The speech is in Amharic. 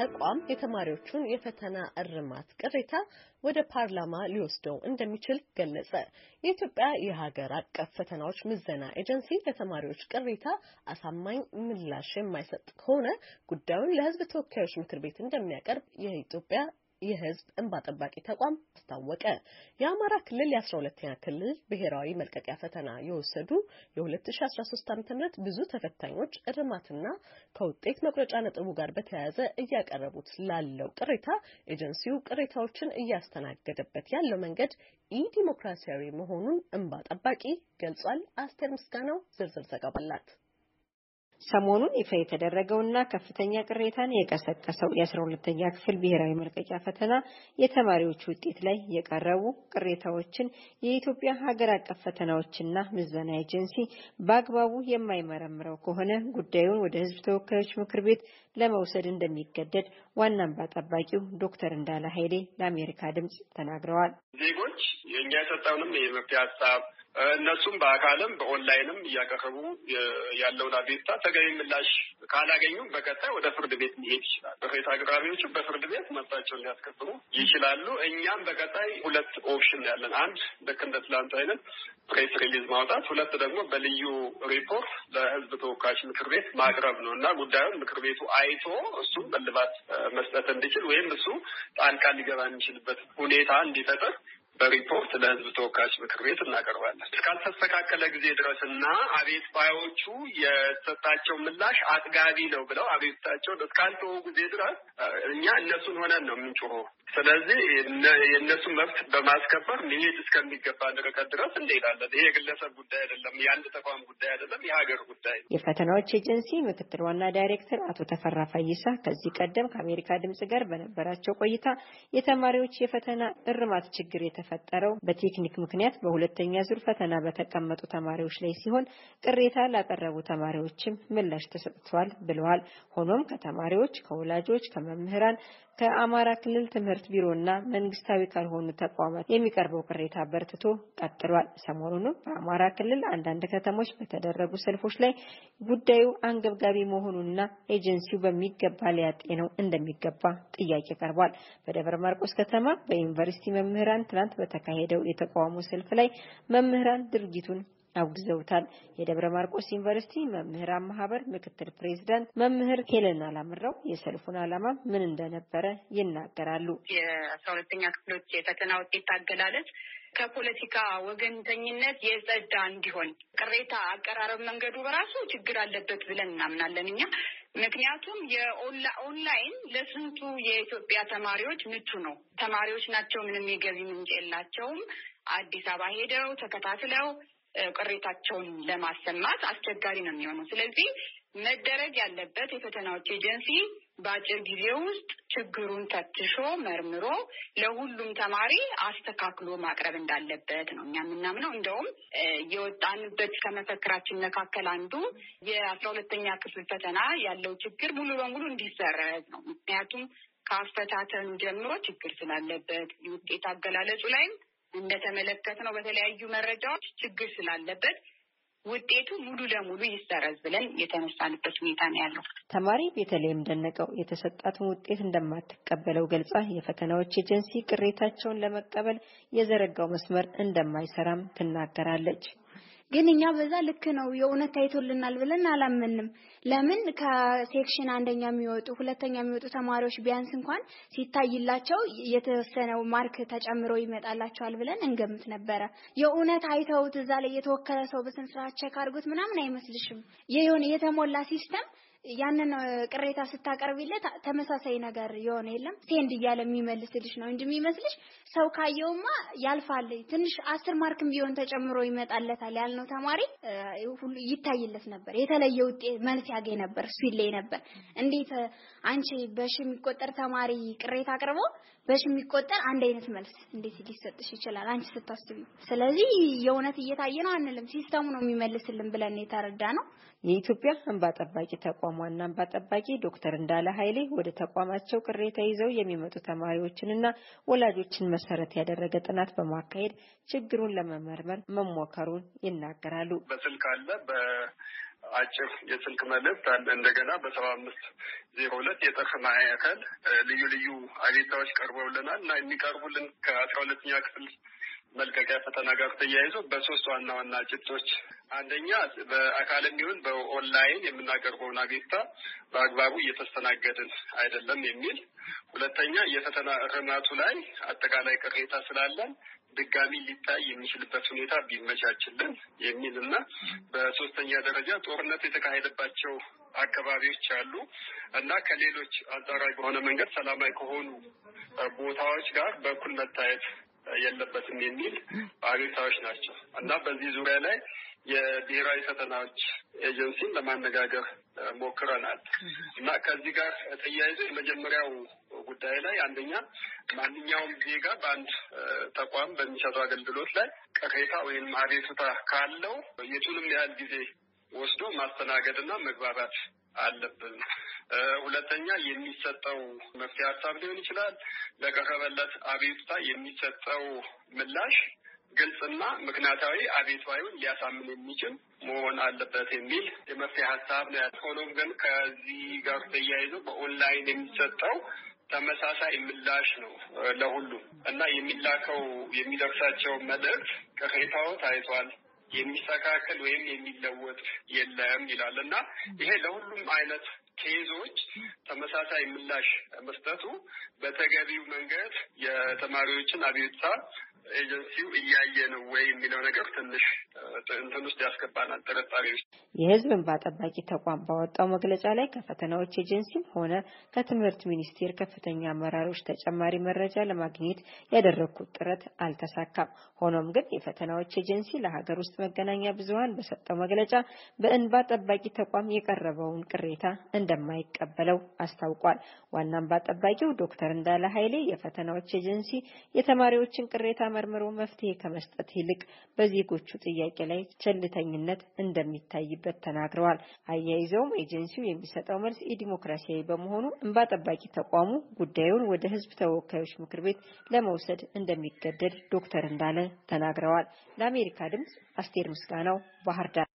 ተቋም የተማሪዎቹን የፈተና እርማት ቅሬታ ወደ ፓርላማ ሊወስደው እንደሚችል ገለጸ። የኢትዮጵያ የሀገር አቀፍ ፈተናዎች ምዘና ኤጀንሲ ለተማሪዎች ቅሬታ አሳማኝ ምላሽ የማይሰጥ ከሆነ ጉዳዩን ለሕዝብ ተወካዮች ምክር ቤት እንደሚያቀርብ የኢትዮጵያ የህዝብ እንባ ጠባቂ ተቋም አስታወቀ። የአማራ ክልል የ12ኛ ክልል ብሔራዊ መልቀቂያ ፈተና የወሰዱ የ2013 ዓ.ም ብዙ ተፈታኞች እርማትና ከውጤት መቁረጫ ነጥቡ ጋር በተያያዘ እያቀረቡት ላለው ቅሬታ ኤጀንሲው ቅሬታዎችን እያስተናገደበት ያለው መንገድ ኢ ዲሞክራሲያዊ መሆኑን እንባ ጠባቂ ገልጿል። አስቴር ምስጋናው ዝርዝር ዘገባ አላት። ሰሞኑን ይፋ የተደረገውና ከፍተኛ ቅሬታን የቀሰቀሰው የአስራ ሁለተኛ ክፍል ብሔራዊ መልቀቂያ ፈተና የተማሪዎች ውጤት ላይ የቀረቡ ቅሬታዎችን የኢትዮጵያ ሀገር አቀፍ ፈተናዎችና ምዘና ኤጀንሲ በአግባቡ የማይመረምረው ከሆነ ጉዳዩን ወደ ሕዝብ ተወካዮች ምክር ቤት ለመውሰድ እንደሚገደድ ዋና እንባ ጠባቂው ዶክተር እንዳለ ኃይሌ ለአሜሪካ ድምጽ ተናግረዋል። ዜጎች የእኛ የሰጠውንም የመፍትሄ ሀሳብ እነሱም በአካልም በኦንላይንም እያቀረቡ ያለውን አቤቱታ ተገቢ ምላሽ ካላገኙም በቀጣይ ወደ ፍርድ ቤት መሄድ ይችላል። በፌት አቅራቢዎቹ በፍርድ ቤት መብታቸውን ሊያስከብሩ ይችላሉ። እኛም በቀጣይ ሁለት ኦፕሽን ያለን፣ አንድ ልክ እንደ ትላንቱ አይነት ፕሬስ ሪሊዝ ማውጣት፣ ሁለት ደግሞ በልዩ ሪፖርት ለህዝብ ተወካዮች ምክር ቤት ማቅረብ ነው እና ጉዳዩን ምክር ቤቱ አይ አይቶ እሱም እልባት መስጠት እንዲችል ወይም እሱ ጣልቃ ሊገባ የሚችልበት ሁኔታ እንዲፈጠር በሪፖርት ለህዝብ ተወካዮች ምክር ቤት እናቀርባለን። እስካልተስተካከለ ጊዜ ድረስ እና አቤት ባዮቹ የሰጣቸው ምላሽ አጥጋቢ ነው ብለው አቤቱታቸውን እስካልተወ ጊዜ ድረስ እኛ እነሱን ሆነን ነው የምንጮሆ። ስለዚህ የእነሱን መብት በማስከበር መሄድ እስከሚገባ ርቀት ድረስ እንሄዳለን። ይሄ የግለሰብ ጉዳይ አይደለም፣ የአንድ ተቋም ጉዳይ አይደለም፣ የሀገር ጉዳይ። የፈተናዎች ኤጀንሲ ምክትል ዋና ዳይሬክተር አቶ ተፈራ ፈይሳ ከዚህ ቀደም ከአሜሪካ ድምጽ ጋር በነበራቸው ቆይታ የተማሪዎች የፈተና እርማት ችግር የተፈ የተፈጠረው በቴክኒክ ምክንያት በሁለተኛ ዙር ፈተና በተቀመጡ ተማሪዎች ላይ ሲሆን ቅሬታ ላቀረቡ ተማሪዎችም ምላሽ ተሰጥቷል ብለዋል። ሆኖም ከተማሪዎች፣ ከወላጆች፣ ከመምህራን ከአማራ ክልል ትምህርት ቢሮና መንግስታዊ ካልሆኑ ተቋማት የሚቀርበው ቅሬታ በርትቶ ቀጥሏል። ሰሞኑንም በአማራ ክልል አንዳንድ ከተሞች በተደረጉ ሰልፎች ላይ ጉዳዩ አንገብጋቢ መሆኑና ኤጀንሲው በሚገባ ሊያጤነው እንደሚገባ ጥያቄ ቀርቧል። በደብረ ማርቆስ ከተማ በዩኒቨርሲቲ መምህራን ትናንት በተካሄደው የተቃውሞ ሰልፍ ላይ መምህራን ድርጊቱን አውግዘውታል። የደብረ ማርቆስ ዩኒቨርሲቲ መምህራን ማህበር ምክትል ፕሬዚዳንት መምህር ሄለን አላምረው የሰልፉን ዓላማ ምን እንደነበረ ይናገራሉ። የአስራ ሁለተኛ ክፍሎች የፈተና ውጤት አገላለጽ ከፖለቲካ ወገንተኝነት የጸዳ እንዲሆን ቅሬታ አቀራረብ መንገዱ በራሱ ችግር አለበት ብለን እናምናለን እኛ ምክንያቱም የኦንላይን ለስንቱ የኢትዮጵያ ተማሪዎች ምቹ ነው። ተማሪዎች ናቸው፣ ምንም የገቢ ምንጭ የላቸውም። አዲስ አበባ ሄደው ተከታትለው ቅሬታቸውን ለማሰማት አስቸጋሪ ነው የሚሆነው። ስለዚህ መደረግ ያለበት የፈተናዎች ኤጀንሲ በአጭር ጊዜ ውስጥ ችግሩን ፈትሾ መርምሮ ለሁሉም ተማሪ አስተካክሎ ማቅረብ እንዳለበት ነው እኛ የምናምነው። እንደውም የወጣንበት ከመፈክራችን መካከል አንዱ የአስራ ሁለተኛ ክፍል ፈተና ያለው ችግር ሙሉ በሙሉ እንዲሰረዝ ነው። ምክንያቱም ከአፈታተኑ ጀምሮ ችግር ስላለበት የውጤት አገላለጹ ላይም እንደተመለከትነው በተለያዩ መረጃዎች ችግር ስላለበት ውጤቱ ሙሉ ለሙሉ ይሰረዝ ብለን የተነሳንበት ሁኔታ ነው ያለው። ተማሪ ቤተልሔም ደነቀው የተሰጣትን ውጤት እንደማትቀበለው ገልጻ የፈተናዎች ኤጀንሲ ቅሬታቸውን ለመቀበል የዘረጋው መስመር እንደማይሰራም ትናገራለች። ግን እኛ በዛ ልክ ነው የእውነት ታይቶልናል ብለን አላመንም። ለምን ከሴክሽን አንደኛ የሚወጡ ሁለተኛ የሚወጡ ተማሪዎች ቢያንስ እንኳን ሲታይላቸው የተወሰነው ማርክ ተጨምሮ ይመጣላቸዋል ብለን እንገምት ነበረ። የእውነት አይተውት እዛ ላይ የተወከለ ሰው በስንት ስርዓት ቼክ ምናምን አይመስልሽም። የሆነ የተሞላ ሲስተም ያንን ቅሬታ ስታቀርቢለት ተመሳሳይ ነገር የሆነ የለም ሴንድ እያለ የሚመልስልሽ ነው እንጂ የሚመስልሽ ሰው ካየውማ ያልፋል። ትንሽ አስር ማርክም ቢሆን ተጨምሮ ይመጣለታል ያልነው ተማሪ ሁሉ ይታይለት ነበር። የተለየ ውጤት መልስ ያገኝ ነበር፣ እሱ ይለይ ነበር። እንዴት አንቺ በሺ የሚቆጠር ተማሪ ቅሬታ አቅርቦ በሺ የሚቆጠር አንድ አይነት መልስ እንዴት ሊሰጥሽ ይችላል አንቺ ስታስቢ? ስለዚህ የእውነት እየታየ ነው አንልም፣ ሲስተሙ ነው የሚመልስልን ብለን የተረዳ ነው። የኢትዮጵያ እንባ ጠባቂ ተቋም ዋና እንባ ጠባቂ ዶክተር እንዳለ ኃይሌ ወደ ተቋማቸው ቅሬታ ይዘው የሚመጡ ተማሪዎችንና ወላጆችን መሰረት ያደረገ ጥናት በማካሄድ ችግሩን ለመመርመር መሞከሩን ይናገራሉ። በስልክ አለ አጭር የስልክ መልእክት አለ። እንደገና በሰባ አምስት ዜሮ ሁለት የጥርፍ ማዕከል ልዩ ልዩ አቤታዎች ቀርበውልናል እና የሚቀርቡልን ከአስራ ሁለተኛ ክፍል መልቀቂያ ፈተና ጋር ተያይዞ በሶስት ዋና ዋና ጭብጦች አንደኛ በአካልም ይሁን በኦንላይን የምናቀርበውን አቤቱታ በአግባቡ እየተስተናገድን አይደለም የሚል፣ ሁለተኛ የፈተና እርማቱ ላይ አጠቃላይ ቅሬታ ስላለን ድጋሚ ሊታይ የሚችልበት ሁኔታ ቢመቻችልን የሚል እና በሶስተኛ ደረጃ ጦርነት የተካሄደባቸው አካባቢዎች አሉ እና ከሌሎች አንጻራዊ በሆነ መንገድ ሰላማዊ ከሆኑ ቦታዎች ጋር በኩል መታየት የለበትም የሚል አቤታዎች ናቸው እና በዚህ ዙሪያ ላይ የብሔራዊ ፈተናዎች ኤጀንሲን ለማነጋገር ሞክረናል እና ከዚህ ጋር ተያይዞ የመጀመሪያው ጉዳይ ላይ አንደኛ ማንኛውም ዜጋ በአንድ ተቋም በሚሰጠው አገልግሎት ላይ ቅሬታ ወይም አቤቱታ ካለው የቱንም ያህል ጊዜ ወስዶ ማስተናገድ ና መግባባት አለብን። ሁለተኛ የሚሰጠው መፍትሄ ሀሳብ ሊሆን ይችላል። ለቀረበለት አቤቱታ የሚሰጠው ምላሽ ግልጽና ምክንያታዊ አቤቱታውን ሊያሳምን የሚችል መሆን አለበት የሚል የመፍትሄ ሀሳብ ነው ያለ። ሆኖም ግን ከዚህ ጋር ተያይዞ በኦንላይን የሚሰጠው ተመሳሳይ ምላሽ ነው ለሁሉም እና የሚላከው የሚደርሳቸው መልእክት ቅሬታው ታይቷል የሚስተካከል ወይም የሚለወጥ የለም ይላል እና ይሄ ለሁሉም አይነት ኬዞች ተመሳሳይ ምላሽ መስጠቱ በተገቢው መንገድ የተማሪዎችን አቤቱታ ኤጀንሲው እያየ ነው ወይ የሚለው ነገር ትንሽ እንትን ውስጥ ያስገባናል፣ ጥርጣሬ ውስጥ። የህዝብ እንባ ጠባቂ ተቋም ባወጣው መግለጫ ላይ ከፈተናዎች ኤጀንሲም ሆነ ከትምህርት ሚኒስቴር ከፍተኛ አመራሮች ተጨማሪ መረጃ ለማግኘት ያደረግኩት ጥረት አልተሳካም። ሆኖም ግን የፈተናዎች ኤጀንሲ ለሀገር ውስጥ መገናኛ ብዙኃን በሰጠው መግለጫ በእንባ ጠባቂ ተቋም የቀረበውን ቅሬታ እንደማይቀበለው አስታውቋል። ዋና እንባ ጠባቂው ዶክተር እንዳለ ኃይሌ የፈተናዎች ኤጀንሲ የተማሪዎችን ቅሬታ ተመርምሮ መፍትሄ ከመስጠት ይልቅ በዜጎቹ ጥያቄ ላይ ቸልተኝነት እንደሚታይበት ተናግረዋል። አያይዘውም ኤጀንሲው የሚሰጠው መልስ የዲሞክራሲያዊ በመሆኑ እንባ ጠባቂ ተቋሙ ጉዳዩን ወደ ሕዝብ ተወካዮች ምክር ቤት ለመውሰድ እንደሚገደድ ዶክተር እንዳለ ተናግረዋል። ለአሜሪካ ድምጽ አስቴር ምስጋናው ባህር ዳር